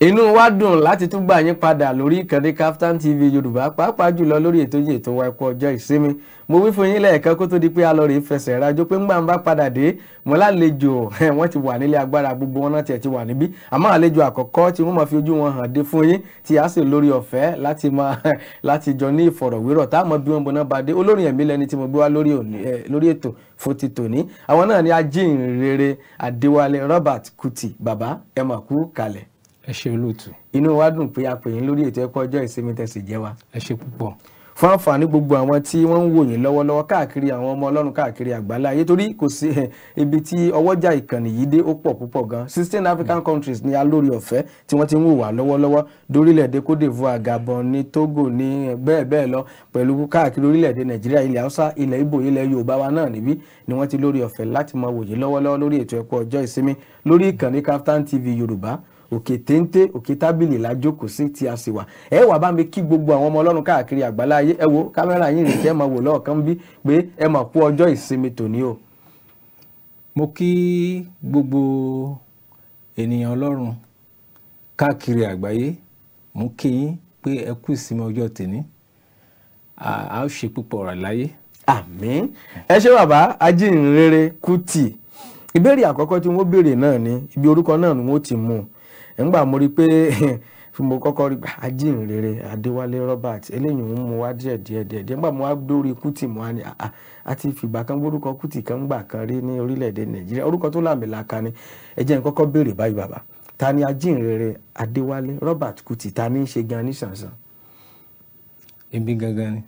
inú wa dùn láti tún gbà yín padà lórí ìkànnì Kaftan TV yorùbá pàápàá jùlọ lórí ètò yìí ètò wa ẹkọ ọjọ́ ìsinmi mo wí fún yín lẹ́ẹ̀kan kó tó di pé a lọ rèé fẹsẹ̀ rajó pé ńgbà ń bá padà dé mo lálejò wọ́n ti wà nílé agbára gbogbo wọn náà tiẹ̀ ti wà níbí àmọ́ àlejò àkọ́kọ́ tí wọ́n máa fi ojú wọn hàn dé fún yín tí a sì lórí ọ̀fẹ́ láti máa láti jọ ní ìfọ̀rọ̀wérọ̀ táwọn bí wọn bọ̀nà bá dé olórin ẹ̀mí lẹni tí mo gbé wá lórí ètò fún ti tòní àwọn náà ni ajínrere Adéwálé Robert Kuti bàbá ẹ mà kú kalẹ̀ ẹ ṣe olóòtú. inú wa dùn pé a pè yín lórí ètò ẹ̀kọ́ ọjọ́ ìsinmi tẹ̀sí jẹ́ wa. ẹ ṣe púpọ̀. fún àǹfààní gbogbo àwọn tí wọ́n ń wò yín lọ́wọ́lọ́wọ́ káàkiri àwọn ọmọ ọlọ́run káàkiri àgbálá ayé torí kò sí eh, ibi tí ọwọ́jà ìkànnì yìí dé ó pọ̀ púpọ̀ gan sixteen african countries ní alórí ọ̀fẹ́ tí wọ́n ti ń wò wá lọ́wọ́lọ́wọ́ dórílẹ̀ cote divoire gabon ní togo ní bẹ́ẹ̀ bẹ́ẹ̀ lọ pẹ̀lú káàkiri orílẹ̀-èdè nàìjíríà ilẹ̀ haúsá ilẹ̀ ibo ilẹ̀ yorùbá wa náà níbí ni wọ́n ti lórí ọ̀fẹ́ láti máa wò yín lọ́wọ́lọ́wọ́ lórí ètò ẹ̀kọ́ ọjọ́ ìsinmi lórí ìkànnì Kaftan TV yorùbá òkè téńté òkè tábìlì la jókòó sí tí a sì wà ẹ wà bá mi kí gbogbo àwọn ọmọ ọlọ́run káàkiri àgbáláyé ẹ wo kámẹ́rà yín rèé tẹ́ máa wò lọ́ọ̀kan bí pé ẹ máa kú ọjọ́ ìsinmi tòní o. mo kí gbogbo ènìyàn ọlọ́run káàkiri àgbáyé mo kí yín pé ẹ kú ìsinmi ọjọ́ tèmi a ó ṣe púpọ̀ ọ̀rọ̀ láyé. àmín ẹ ṣé bàbá ajínrere Kútì ìbéèrè àkọ́kọ́ tí wọ́n béèrè náà ni ibi orúkọ náà ni wọ́n ti mú un ńgbà mo rí i pé fi mo kọ́kọ́ rí i ajínrere ah, adéwálé robert eléyìí ń mu wá díẹ̀ díẹ̀ díẹ̀ díẹ̀ ńgbà mo wá dórí kùtì mo wá ní àti ah, ah, fìgbà kan gbórúkọ kùtì kan gbà kan rí ní orílẹ̀-èdè nàìjíríà orúkọ tó làmìlaka ni ẹ jẹ́ n kọ́kọ́ béèrè báyìí bàbá ta ni ajínrere adéwálé robert kùtì ta ni ń ṣe gan nísànsàn. gangan ni.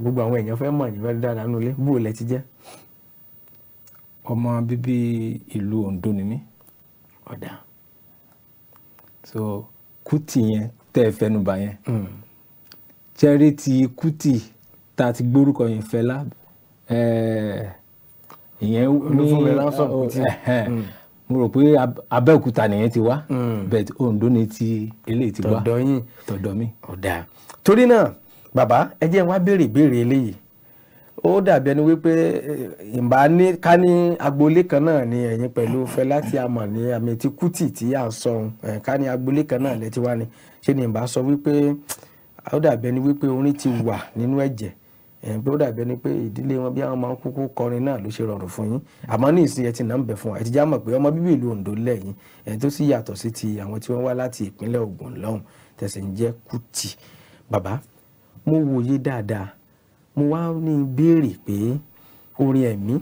gbogbo àwọn èèyàn fẹ́ mọ̀ ní fẹ́ dáadáa nulẹ̀ bó o lẹ ti jẹ́. ọmọ bíbí ìlú ondo ni mí. ọ̀dà. Oh, so kuti yẹn tẹ́ ẹ fẹnubà yẹn hmm. ṣẹ́rí ti Kútì tá a ti gbórúkọ yẹn Fẹlá ìyẹn ní oh, hmm. mo rò pé Abẹ́òkúta nìyẹn ti wá but Oǹdó ni ti eléyìí ti wá tọ̀dọ̀ yín tọ̀dọ̀ mi. torí náà bàbá ẹ jẹ́ wá béèrè ìbéèrè eléyìí ó dàbí ẹni wípé eh, ìbá ní ká ní agboolé kan náà ni ẹ̀yin pẹ̀lú Fẹlá tí a mọ̀ ní Amity Kuti tí à ń sọ ká ní agboolé kan náà lẹ́tí wá ni ṣé ni ìbá sọ wípé ó dàbí ẹni wípé orin ti wà nínú ẹ̀jẹ̀ pé ó dàbí ẹni pé ìdílé wọn bí àwọn máa ń kúkú kọrin náà ló ṣe rọrùn fún yín àmọ́ ní ìsinyìí ti náà ń bẹ̀ fún wa ẹ já mọ̀ pé ọmọ bíbí ìlú Oǹdó lẹ́yìn tó sì yàtọ̀ sí ti àwọn tí wọ́n wá láti ìpínlẹ̀ Ògùn lọ́hùn tẹ̀sí ń jẹ́ Kuti bàbá mo wòye dáadáa mo wá ní ìbéèrè pé orin ẹ̀mí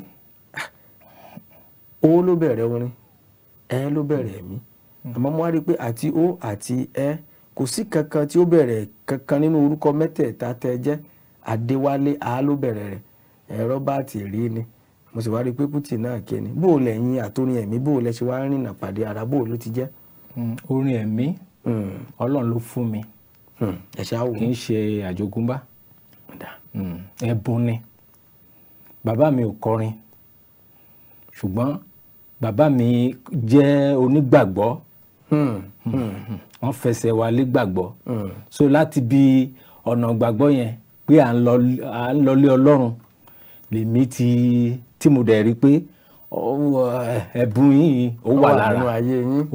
o ló bẹ̀rẹ̀ orin ẹ ló bẹ̀rẹ̀ ẹ̀mí àmọ́ mo wá rí i pé àti o àti ẹ kò sí kankan tí ó bẹ̀rẹ̀ kankan nínú orúkọ mẹ́tẹ̀ẹ̀ta tẹ jẹ́ Adéwálé a ló bẹ̀rẹ̀ rẹ̀ ẹ Rọ́bàtì rí ni mo sì wá rí i pé Kútì náà ké ni bó o lẹ́yìn àtòrin ẹ̀mí bó o lẹ́ ṣe wá rìnà pàdé ara bó o ló ti jẹ́. Hmm, orin ẹ̀mí hmm. Ọlọ́run ló fún mi hmm, kì í ṣe àjogúnbá Hmm. ẹ̀bùn ni bàbá mi ò kọrin ṣùgbọ́n bàbá mi jẹ́ onígbàgbọ́ hmm. Hmm. wọ́n fẹsẹ̀ wa légbàgbọ́ so láti bi ọ̀nà gbàgbọ́ yẹn pé à ń lọlé ọlọ́run lèmi ti tí mo dẹ̀ rí pé ẹ̀bùn yìí ó wà lára ó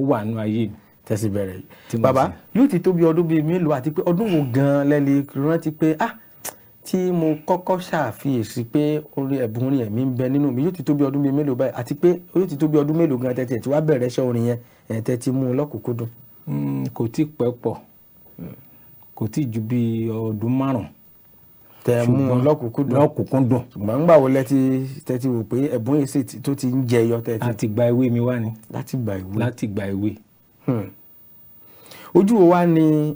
wà nínú ayé mi tẹ̀sí bẹ̀rẹ̀ bàbá yóò ti tó bí ọdún bíi mélòó àti pé ọdún wo gan-an lẹ́lẹ́ rántí pé ah tí mo kọ́kọ́ ṣàfiyèsí pé orin ẹ̀bùn orin ẹ̀mí ń bẹ nínú mi yóò ti tó bí ọdún bíi mélòó báyìí àti pé yóò ti tó bí ọdún mélòó gan tẹ̀tẹ̀ tí wàá bẹ̀rẹ̀ iṣẹ́ orin yẹn ẹ̀tẹ̀ ti mú un lọ́kùnkúndùn. Hmm, kò tí pẹ́ pọ̀ kò tí ju bí ọdún márùn-ún. tẹ mú un lọ́kùnkúndùn lọ́kùnkúndùn. ṣùgbọ́n ńgbà wo lẹ ti tẹ ti wò pé ẹ̀bùn yìí sì tó ti ń jẹyọ tẹ ti. Hmm. ojú wo wá ni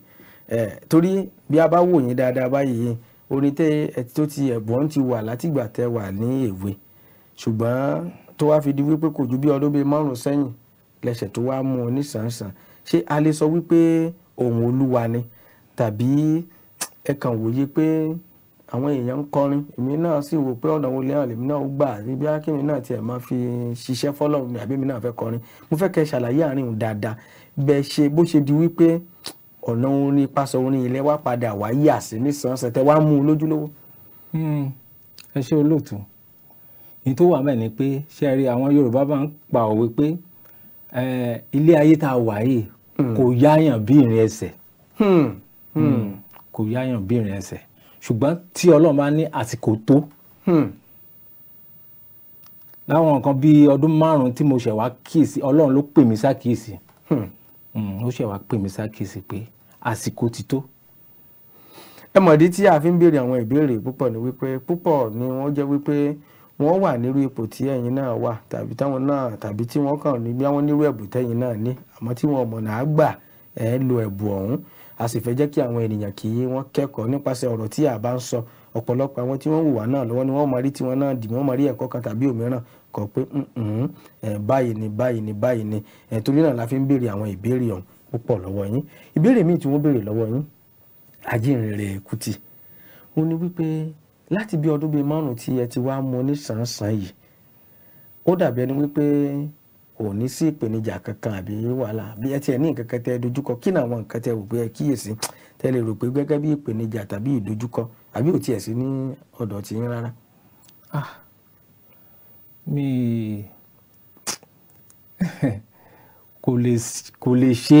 torí bí a bá wò yín dáadáa báyìí orin tẹ ẹtí tó ti ẹ̀bùn ti wà látìgbà tẹ wà ní èwe ṣùgbọ́n tó wá fi di wípé kò ju bí ọdún bíi márùn sẹ́yìn lẹ́sẹ̀ tó wá mú un nísànsàn ṣé a lè sọ wípé òun olúwa ni tàbí ẹ kàn wòye pé àwọn èèyàn ń kọrin èmi náà sì wò pé ọ̀nà wo lẹ́yìn èmi náà ó gbà níbi akínmi náà tiẹ̀ máa fi ṣiṣẹ́ fọ́lọ́run ni àbí èmi náà fẹ́ kọrin mo fẹ́ kẹ́ ṣàlàyé àárín òun dáadáa bẹ́ẹ̀ ṣe bó ṣe di wípé ọ̀nà orin pásọ orin ilẹ̀ wa padà wá yà sí nísànsẹ̀ tẹ́ wá mú un lójúlówó. Hmm, ẹ ṣe olóòtú ní tó wà mẹ́ẹ̀ ni pé ṣé ẹ rí àwọn Yorùbá bá ń pa òwe pé ilé ayé tá a wà yìí hmm. kò yáyàn bí ìrìn ẹsẹ̀ hmm, kò yáyàn bí ìrìn ẹsẹ̀ ṣùgbọ́n tí Ọlọ́run bá ní àsìkò tó láwọn nǹkan bíi ọdún márùn-ún tí mo ṣẹ̀ wá kíyèsí Ọlọ́run ló pè mí sákìyèsí ó ṣẹ̀ wá pè mí sákìyèsí pé àsìkò ti tó ẹ mọ̀dí tí a fi ń béèrè àwọn ìbéèrè púpọ̀ ni wípé púpọ̀ ni wọ́n jẹ́ wípé wọ́n wà nírú ipò tí ẹ̀yin náà wà tàbí táwọn náà tàbí tí wọ́n kàn ní bí wọ́n nírú ẹ̀bù tẹ́yin náà ní àmọ́ tí wọ́n mọ̀nà á gbà ẹ̀ lo ẹ̀bù ọ̀hún a sì fẹ́ jẹ́ kí àwọn ènìyàn kí wọ́n kẹ́kọ̀ọ́ nípasẹ̀ ọ̀rọ̀ tí a bá ń sọ ọ̀pọ̀lọpọ̀ àwọn tí wọ́n wùwà náà lọ́wọ́ ni wọ́n mọ̀ rí tiwọn náà dì wọ́n mọ̀ rí ẹ̀kọ́ kan tàbí òmíràn kọ pé báyìí ni báyìí ni báyìí ni torí náà la fi ń béèrè àwọn ìbéèrè ọ̀hún púpọ̀ lọ́wọ́ yín ìbéèrè míì tí wọ́n béèrè lọ́wọ́ yín Ajínrere Kútì ó ní wípé láti bí ọdún bíi márùn tí ẹ ti wá mú oníṣàǹsàn yìí ó dàbí ẹni wípé kò ní sí ìpèníjà kankan àbí wàhálà bí ẹ tiẹ̀ ní nǹkan kan tẹ ẹ dojúkọ kí ni àwọn nǹkan tẹ ẹ rò pé ẹ kíyèsí tẹ lè rò pé gẹ́gẹ́ bí ìpèníjà tàbí ìdojúkọ àbí ò tiẹ̀ sí ní ọ̀dọ̀ tiyín rárá. Ah, mi kò lè ṣe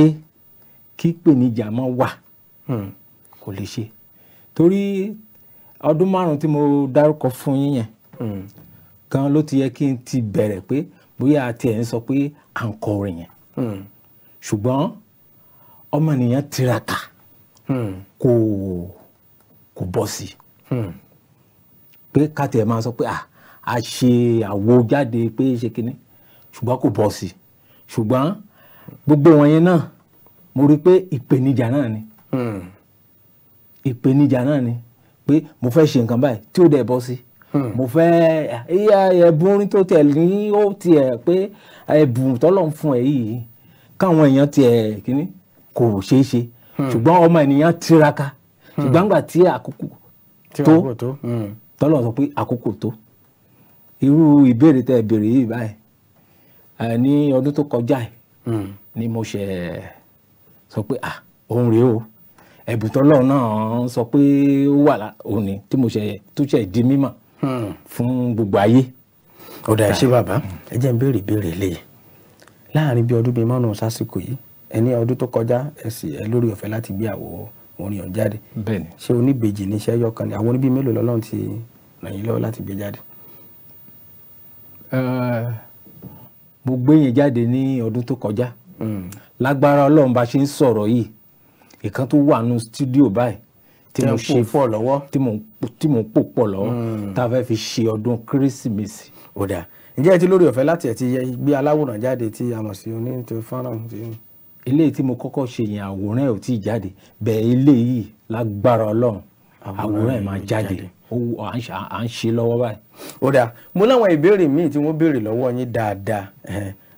kí ìpèníjà má wà hmm. kò lè ṣe torí ọdún márùn tí mo dárúkọ fún yín yẹn hmm. gan ló ti yẹ kí n ti bẹ̀rẹ̀ pé bóyá àti ẹ̀ ń sọ pé à ń kọ orin yẹn hmm. ṣùgbọ́n ọmọnìyàn tiraka kò kò bọ́ sí pé káàtì ẹ̀ máa sọ pé a ṣe àwo jáde pé ṣe kínní ṣùgbọ́n kò bọ́ sí ṣùgbọ́n gbogbo wọ̀nyẹn náà mo rí i pé ìpèníjà náà ni hmm. ìpèníjà náà ni pé mo fẹ́ ṣe nǹkan báyìí tí ó dẹ̀ bọ́ sí hmm. mo fẹ́ ìyá ẹ̀bùn orin tó tẹ̀ ní ó tiẹ̀ pé ẹ̀bùn tọ́lọ̀ ń fún ẹ yìí káwọn èèyàn tiẹ̀ kíní kò ṣeé ṣe hmm. ṣùgbọ́n ọmọ ènìyàn tiraka ṣùgbọ́n nígbà tí àkókò tó tọ́lọ̀ sọ pé àkókò tó irú ìbéèrè tẹ́ ẹ béèrè yìí báyìí ní ọdún tó kọjá yìí ni mo ṣe sọ pé ah òun rèé o ẹ̀bùn tọ́lọ́run náà sọ pé ó wà òní tí mo ṣe tó ṣe di mímọ̀ fún gbogbo ayé. ọ̀dà ẹ̀ ṣé ah. bàbá ẹ jẹ́ ń béèrè ìbéèrè eléyìí e. láàrin bí ọdún bíi márùn-ún sásìkò yìí ẹni ọdún tó kọjá ẹ̀sìn ẹ lórí ọ̀fẹ́ láti gbé àwọ̀ orin ọ̀hún jáde ṣé oníbejì ní iṣẹ́ yọkan ni àwọn oníbí mélòó lọ́lọ́run ti ràn yín lọ́wọ́ láti gbé jáde. Eh, mo gbé yẹn jáde ní ọdún tó kọjá hmm. lágbára ọlọ́run bá ṣe ń sọ̀rọ̀ yìí ìkan tó wà nù stúdíò báyìí tí mo ṣe pọ̀ lọ́wọ́ tí mo pò pọ̀ lọ́wọ́ hmm. tá a fẹ́ fi ṣe ọdún kérésìmesì. ó dà ǹjẹ́ ẹ ti lórí ọ̀fẹ́ láti ẹ̀ ti gbé aláwòrán jáde tí a mọ̀ sí oní tó fọ́nrán tí ó eléyìí tí mo kọ́kọ́ ṣe yẹn àwòrán ẹ̀ ò tí ì jáde bẹ́ẹ̀ eléyìí lágbára ọlọ́run àwòrán ẹ̀ máa jáde à ń ṣe lọ́wọ́ báyìí. ó dáa mo láwọn ìbéèrè míì tí wọ́n béèrè lọ́wọ́ yín dáadáa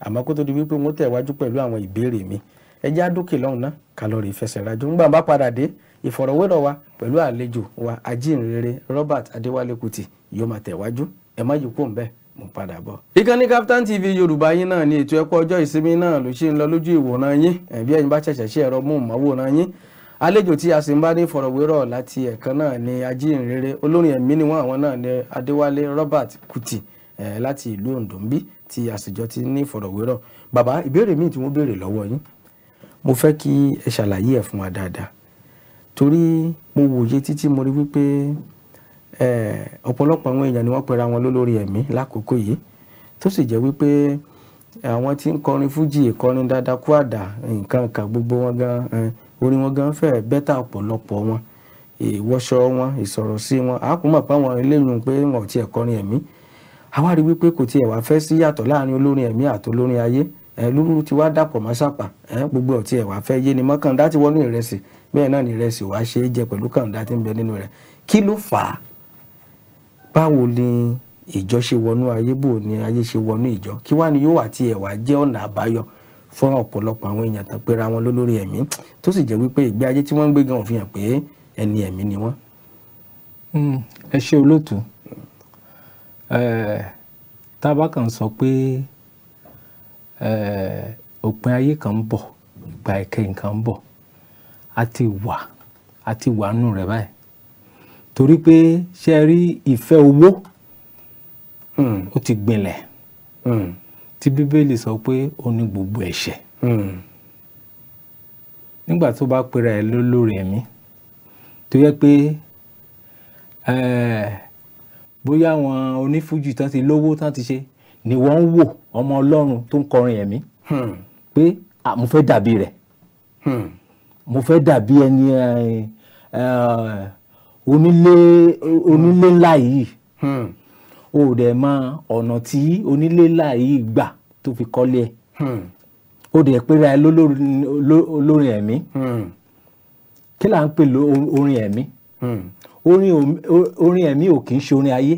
àmọ́ kó tó di wípé wọ́n tẹ̀wájú pẹ̀lú àwọn ìbéèrè mi ẹ já dókè lọ́hùn ná kálọ̀rì ìfẹsẹ̀rajú ńgbà bá padà dé ìfọ̀rọ̀wérọ̀ wa pẹ̀lú àlejò wa ajínrere Robert Adéwálé Kútì yóò máa tẹ̀wájú ẹ má yí kó ń bẹ́ẹ̀ mo padà bọ̀. ìkànnì Kaftan TV yorùbá yín náà ni ètò ẹ̀kọ́ ọjọ́ ìsinmi náà ló ṣe ń lọ lójú ìwòran yín bí ẹ̀yin bá ṣẹ̀ṣẹ̀ ṣe ẹ̀rọ mú ìmọ̀wòran yín àlejò tí a sì ń bá ní ìfọ̀rọ̀wérọ̀ láti ẹ̀kan náà ni ajínrere olórin ẹ̀mí ni wọ́n àwọn náà ni adéwálé robert kuti eh, láti ìlú ondo ń bí tí a sì jọ ti ní ìfọ̀rọ̀wérọ̀ bàbá ìbéèrè míì tí wọ́n béèrè lọ́wọ́ yín mo fẹ́ kí ẹ ṣàlàyé ẹ̀ fún wa dáadáa torí mo wòye títí mo rí wípé ọ̀pọ̀lọpọ̀ àwọn èèyàn ni wọ́n pera wọn lólórí ẹ̀mí lákòókò yìí tó sì jẹ́ wípé àwọn tí ń kọrin fújì ìkọrin dáadáa kú àdá nǹkan kan gbogbo wọn gan orin wọn gan fẹ́ bẹ́tà ọ̀pọ̀lọpọ̀ wọn ìwọṣọ wọn ìsọ̀rọ̀ sí wọn àákùnmọ̀ pé àwọn eléyìí pé wọn ò tiẹ̀ kọrin ẹ̀mí àwa rí wípé kò tiẹ̀ wá fẹ́ sí yàtọ̀ láàrin olórin ẹ̀mí àtolórin ayé lúrú ti wá dàpọ̀ mọ́ sápà gbogbo ọ̀tí ẹ̀ wá fẹ́ yé ni mọ́kàndá ti wọnú ìrẹsì bẹ́ẹ̀ náà ni ìrẹsì wàá ṣe é jẹ pẹ̀lú kàndá tí ń bẹ nínú rẹ̀ kí ló fà á báwo ni ìjọ ṣe wọnú ayé bò ni ayé ṣe wọnú ìjọ kí wá ni yóò àti ẹ̀ wá ọ̀nà àbáyọ fún ọ̀pọ̀lọpọ̀ àwọn èèyàn tán pera wọn lólórí ẹ̀mí tó sì jẹ́ wípé ìgbé ayé tí wọ́n ń gbé gan òfin hàn pé ẹni ẹ̀mí ni wọ́n. Hmm, ẹ ṣe olóòtú tá a bá kàn sọ pé òpin ayé kan ń bọ̀ ìgbà ìkẹyìn kan ń bọ̀ a ti wà a ti wà nù rẹ̀ báyìí torí pé ṣe rí ìfẹ́ owó hmm. ó ti gbinlẹ̀. Hmm tí bíbélì sọ pé ó ní gbogbo ẹ̀ṣẹ̀ hmm. nígbà tó bá pera ẹ̀ lólórí ẹ̀mí tó yẹ pé bóyá àwọn onífújì tán ti lówó tán ti ṣe ni wọ́n ń wò ọmọ ọlọ́run tó ń kọrin ẹ̀mí hmm. pé mo fẹ́ dàbí rẹ̀ hmm. mo fẹ́ dàbí ẹni onílé onílé ńlá yìí o ò dẹ̀ mọ ọ̀nà tí onílé láàyè gbà tó fi kọ́lé ẹ̀ hmm. o dẹ̀ pera ẹ lólórin ẹ̀mí hmm. kí là ń pè lórin ẹ̀mí hmm. orin ẹ̀mí ò kì í ṣe orin ayé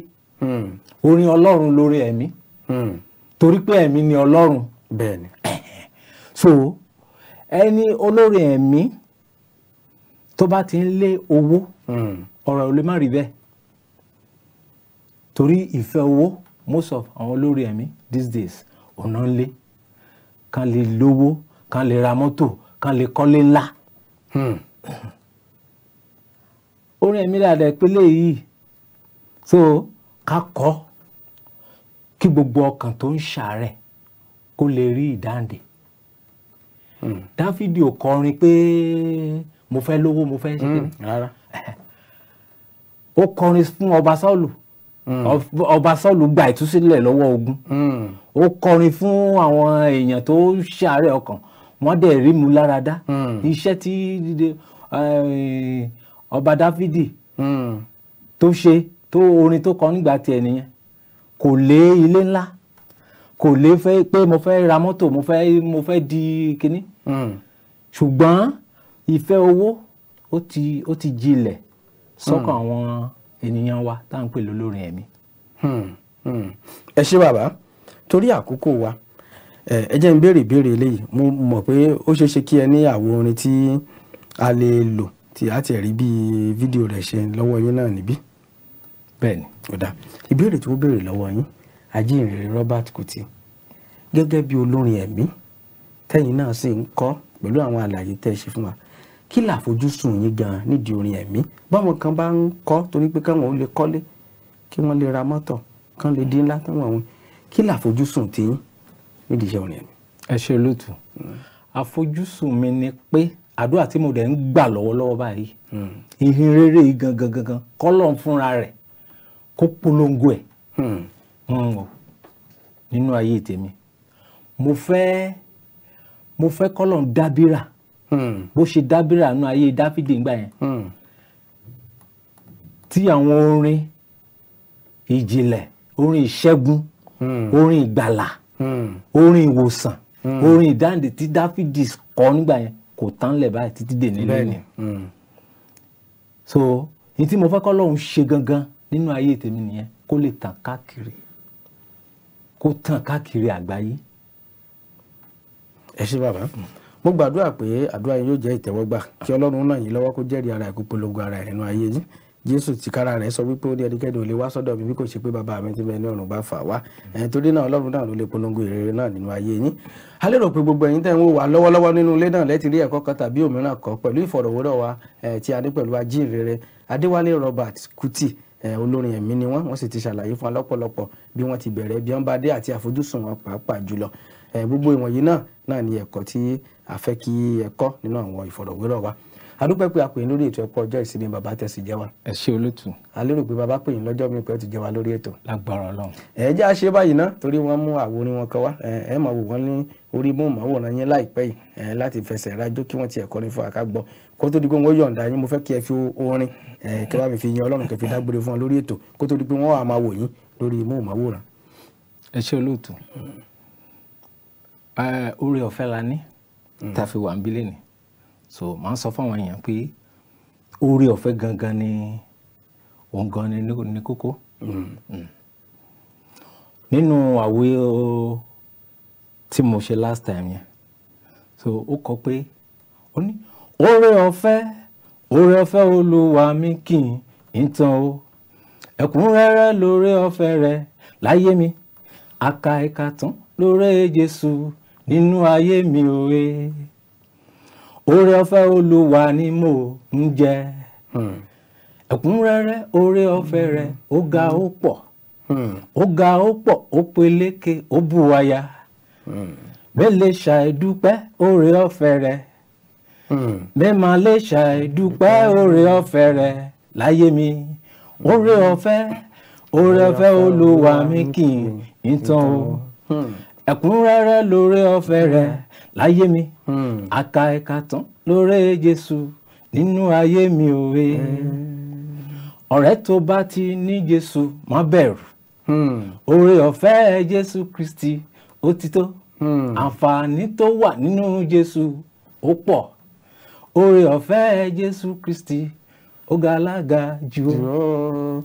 orin ọlọ́run lórin ẹ̀mí torí pé ẹ̀mí ni ọlọ́run bẹ́ẹ̀ni so ẹni olórin ẹ̀mí tó bá ti ń lé owó ọ̀rọ̀ ò lè má rí bẹ́ẹ̀ torí ìfẹ́ owó most of àwọn olórí ẹ̀mí these days ọ̀nà ń lé kán lè lówó kán lè ra mọ́tò kán lè kọ́lé ńlá orin hmm. ẹ̀mí dáadáa ìpínlẹ̀ yìí so ká kọ́ kí gbogbo ọkàn tó ń ṣàárẹ̀ kó lè rí ìdáǹdè hmm. dáfídì ò kọrin pé mo fẹ́ lówó mo fẹ́ ṣe hmm, kí ni ó kọrin fún ọba Sáúlù Mm. ọba Sọ́ọ̀lù gba ìtúsílẹ̀ lọ́wọ́ ogun mm. ó kọrin fún àwọn èèyàn tó ṣàárẹ̀ ọkàn wọ́n dẹ̀ rí mu láradá mm. iṣẹ́ tí eh, ọba Dáfídì tó ṣe tó orin tó kọ nígbà tiẹ̀ nìyẹn kò lé ilé ńlá kò lè fẹ́ pé mo fẹ́ ra mọ́tò mo fẹ́ mo fẹ́ di kinní ṣùgbọ́n ìfẹ́ owó ó ti ó ti jilẹ̀ sọ́kàn àwọn. Mm ènìyàn wa tá à ń pè lólórin ẹ̀mí. Hmm, hmm. ẹ ṣé bàbá torí àkókò wa ẹ jẹ́ ń béèrè ìbéèrè eléyìí mo mọ̀ pé ó ṣeé ṣe kí ẹ ní àwo orin tí a lè lò tí a ti rí bí fídíò rẹ̀ ṣe lọ́wọ́ yín náà níbí. bẹ́ẹ̀ni ọ̀dà ìbéèrè tí wọ́n béèrè lọ́wọ́ yín ajínrere Robert Kuti gẹ́gẹ́ bí olórin ẹ̀mí tẹ́yìn náà sì ń kọ pẹ̀lú àwọn àlàyé tẹ́ ẹ ṣe fún wa kí làfojúsùn yín gan nídìí orin ẹ̀mí báwọn kan bá ń kọ́ torí pé káwọn ò lè kọ́lé kí wọ́n lè ra mọ́tò kán lè dín ńlá táwọn àwọn kí làfojúsùn tiyín nídìí iṣẹ́ orin ẹ̀mí. ẹ ṣe lótú hmm. àfojúsùn mi ni pé àdúrà tí mo dẹ̀ ń gbà lọ́wọ́lọ́wọ́ báyìí hmm. ìhìn rere yìí gangan gangan kọ́lọ́n fúnra rẹ̀ kó polongo ẹ̀ hmm. nínú ayé tèmi mo fẹ́ mo fẹ́ kọ́lọ́n dábìrà. Hmm. bó ṣe dábìrà nú ayé dáfídì ńgbà yẹn hmm. tí àwọn orin ìjìnlẹ̀ orin ìṣẹ́gun hmm. orin ìgbàlà orin ìwòsàn orin ìdáǹdè tí dáfídì kọ nígbà yẹn kò tán lẹ̀ báyìí títí dè nílé ni so ní tí mo fẹ́ kọ́ lọ́hún ṣe gangan nínú ayé tèmi nìyẹn kó lè tàn káàkiri kó tàn káàkiri àgbáyé. ẹ ṣé bàbá mo gbàdúrà pé àdúrà yín yóò jẹ́ ìtẹ́wọ́gbà kí ọlọ́run náà yín lọ́wọ́ kó jẹ́rìí ara ẹ̀kú polongo ara ẹ̀ nínú ayé yín jésù tìkára rẹ̀ sọ wípé ó ní ẹnikẹ́ni ò lè wá sọ́dọ̀ mi bí kò ṣe pé bàbá mi ti bẹ ní ọ̀run bá fà wá ẹ̀ torí náà ọlọ́run náà ló lè polongo ìrere náà nínú ayé yín a lérò pé gbogbo ẹ̀yin tẹ́ ń wò wá lọ́wọ́lọ́wọ́ nínú ilé náà lẹ́tì rí ẹ̀kọ́ kan tàbí òmíràn kan pẹ̀lú wa tí a ní pẹ̀lú ajínrere adéwálé kuti olórin ẹ̀mí ni wọ́n wọ́n sì ti ṣàlàyé fún wa lọ́pọ̀lọpọ̀ bí wọ́n ti bẹ̀rẹ̀ bí wọ́n bá dé àti àfojúsùn wọn pàápàá jùlọ gbogbo ìwọ̀nyí náà náà ni ẹ̀kọ́ tí a fẹ́ kí ẹ kọ́ nínú àwọn ìfọ̀rọ̀wérọ̀ wa adúpẹ́ pé a pè yín lórí ètò ẹ̀kọ́ ọjọ́ ìsinmi bàbá tẹ̀sí jẹ́ wa. ẹ ṣe olótù. a lérò pé bàbá pè yín lọ́jọ́ mi pé ó ti jẹ́ wa lórí ètò. lágbára Ọlọ́run. ẹ jẹ́ àṣe báyìí ná torí wọ́n mú àwòrán wọn kan wá ẹ máa wò wọ́n ní orí mú màwòrán yín láìpẹ́ yìí láti fẹsẹ̀ rájò kí wọ́n ti ẹ̀kọ́ ní fún àkágbọ́ kó tó di pé wọ́n yọ̀ǹda yín mo fẹ́ kí ẹ fi orin kí wọ́n fi yan Ọlọ́run oore ọ̀fẹ́ la ní tá a fi wà ń bílẹ̀ ni so màá sọ fún àwọn èèyàn pé oore ọ̀fẹ́ gangan ni òun gan ni ní kókó mm. nínú àwo tí mo ṣe last time yẹn so ó kọ pé ó ní oore ọ̀fẹ́ oore ọ̀fẹ́ olúwa mi kì í tán o ẹ̀kúnrẹ́rẹ́ lóore ọ̀fẹ́ rẹ̀ láyé mi àkàìkà tán Jésù inú ayé mi òwe oore ọ̀fẹ́ olúwa ni mo ń jẹ hmm. ẹ̀kúnrẹ́rẹ́ oore ọ̀fẹ́ rẹ̀ ó ga ó pọ̀ hmm. ó ga ó pọ̀ ó peléke ó buwaya hmm. bẹlẹ ṣàìdúpẹ́ oore ọ̀fẹ́ rẹ̀ bẹẹma lè ṣàìdúpẹ́ oore ọ̀fẹ́ rẹ̀ láyé mi oore ọ̀fẹ́ oore ọ̀fẹ́ olúwa mi kì í tán o. ẹ̀kúnrẹ́rẹ́ lóore ọ̀fẹ́ rẹ̀ láyé mi aka hmm. ẹ̀ka tán lóore Jésù nínú ayé mi òwe hmm. ọ̀rẹ́ tó bá ti ní Jésù má bẹ̀rù hmm. oore ọ̀fẹ́ Jésù Kristi ó ti tó àǹfààní tó wà nínú Jésù ó pọ̀ oore ọ̀fẹ́ Jésù Kristi ó ga jù ó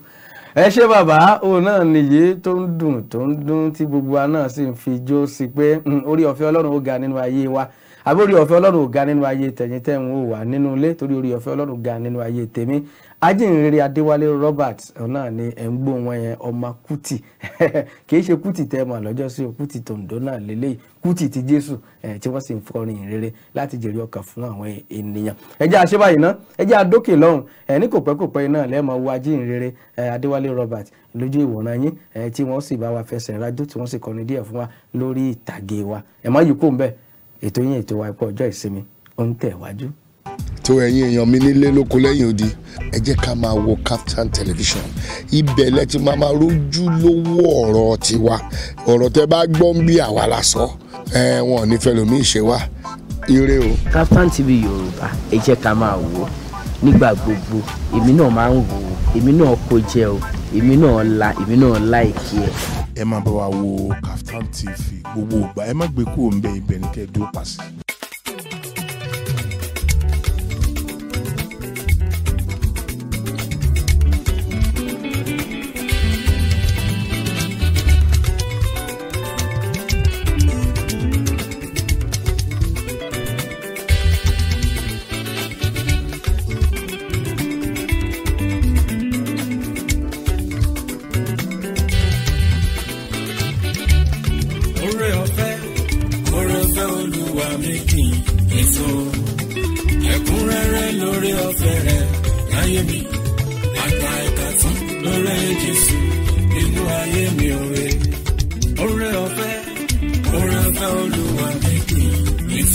ẹ ṣe bàbá òun náà nìyí tó ń dùn tó ń dún tí gbogbo wa náà sì ń fi jó sí pé hmm, orí ọ̀fẹ́ ọlọ́run ó ga nínú ayé wa àbí orí ọ̀fẹ́ ọlọ́run ò ga nínú ayé tẹ̀yìn tẹ̀hún ò wà nínú ilé torí orí ọ̀fẹ́ ọlọ́run ga nínú ayé tèmi ajínrere adéwálé robert náà ni ẹ̀ ń gbóhùn ẹ̀yẹn ọmọ kùtì kì í ṣe kùtì tẹ́ ẹ mọ̀ lọ́jọ́ sí o kùtì tòǹdó náà lélẹ́yìí kùtì ti jésù tí wọ́n sì ń fọrin ìrere láti jèrè ọkàn fún àwọn ènìyàn ẹjẹ́ àṣebáyìí ná ẹjẹ́ àdókè lọ́hùn ní kò pẹ́kòpẹ́ náà lẹ́ẹ̀mọ wo ajínrere adéwálé robert lójú ìwòran yín tí wọ́n sì bá wa fẹsẹ̀ rájó tí wọ́n sì kọrin díẹ̀ fún wa lórí ìtàgé wa ẹ má yí ń bẹ́ẹ̀ ètò yín ètò wa ẹ̀kọ́ ọjọ́ ìsinmi ó ń tẹ̀ wájú. tó ẹ̀yin èèyàn mi nílé lóko lẹ́yìn odi ẹ jẹ́ ká máa wo captain television ibẹ̀ lẹ ti máa máa rójú lówó ọ̀rọ̀ tiwa ọ̀rọ̀ tẹ bá gbọ́ ń bí àwa la sọ ẹ wọn ò ní fẹ́ lómi ìṣe wa ire o. captain TV Yorùbá ẹ jẹ́ ká máa wò ó nígbà gbogbo èmi náà máa ń wò ó èmi náà kó jẹ o èmi náà la èmi náà láìkí ẹ ẹ máa bá wa wo Kaftan TV gbogbo ìgbà ẹ má gbé kúrò ń bẹ ibẹ̀ ní kẹ́ ẹ dúró pàṣẹ.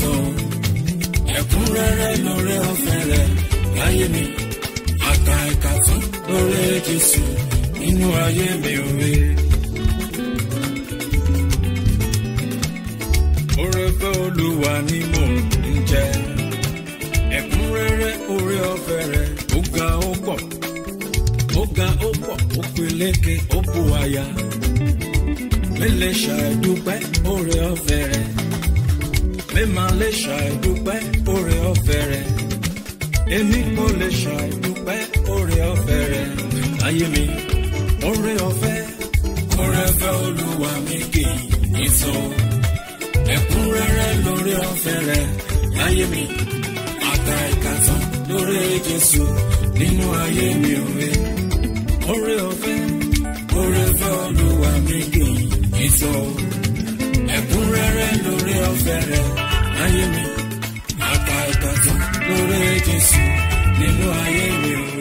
ìtàn ẹ̀kúnrẹ́rẹ́ lórí ọ̀fẹ́ rẹ̀ láyé mi àkà ẹ̀ka tán lórí Jésù nínú ayé mi òwe. orefe Olúwa ni mò ń jẹ ẹ̀kúnrẹ́rẹ́ orí ọ̀fẹ́ rẹ̀ ó ga ó pọ̀ ó ga ó pọ̀ ó peléke ó bu àyà mélèṣà ẹdúpẹ́ orí ọ̀fẹ́ rẹ̀ mi máa lè ṣàìdúpẹ́ oore ọ̀fẹ́ rẹ̀ èmi kò lè ṣàìdúpẹ́ oore ọ̀fẹ́ rẹ̀ ayé mi oore ọ̀fẹ́. oore ọ̀fẹ́ olúwa mi kì í sọ ẹ̀kúnrẹ́rẹ́ lórí ọ̀fẹ́ rẹ̀ láyé mi àtà ìkàtàn lórí Jésù nínú ayé mi òwe oore ọ̀fẹ́ oore ọ̀fẹ́ olúwa mi kì í sọ ẹ̀kúnrẹ́rẹ́ lórí ọ̀fẹ́ rẹ̀ ayé mi àpá ìtàtà lórí Jésù nínú ayé mi o.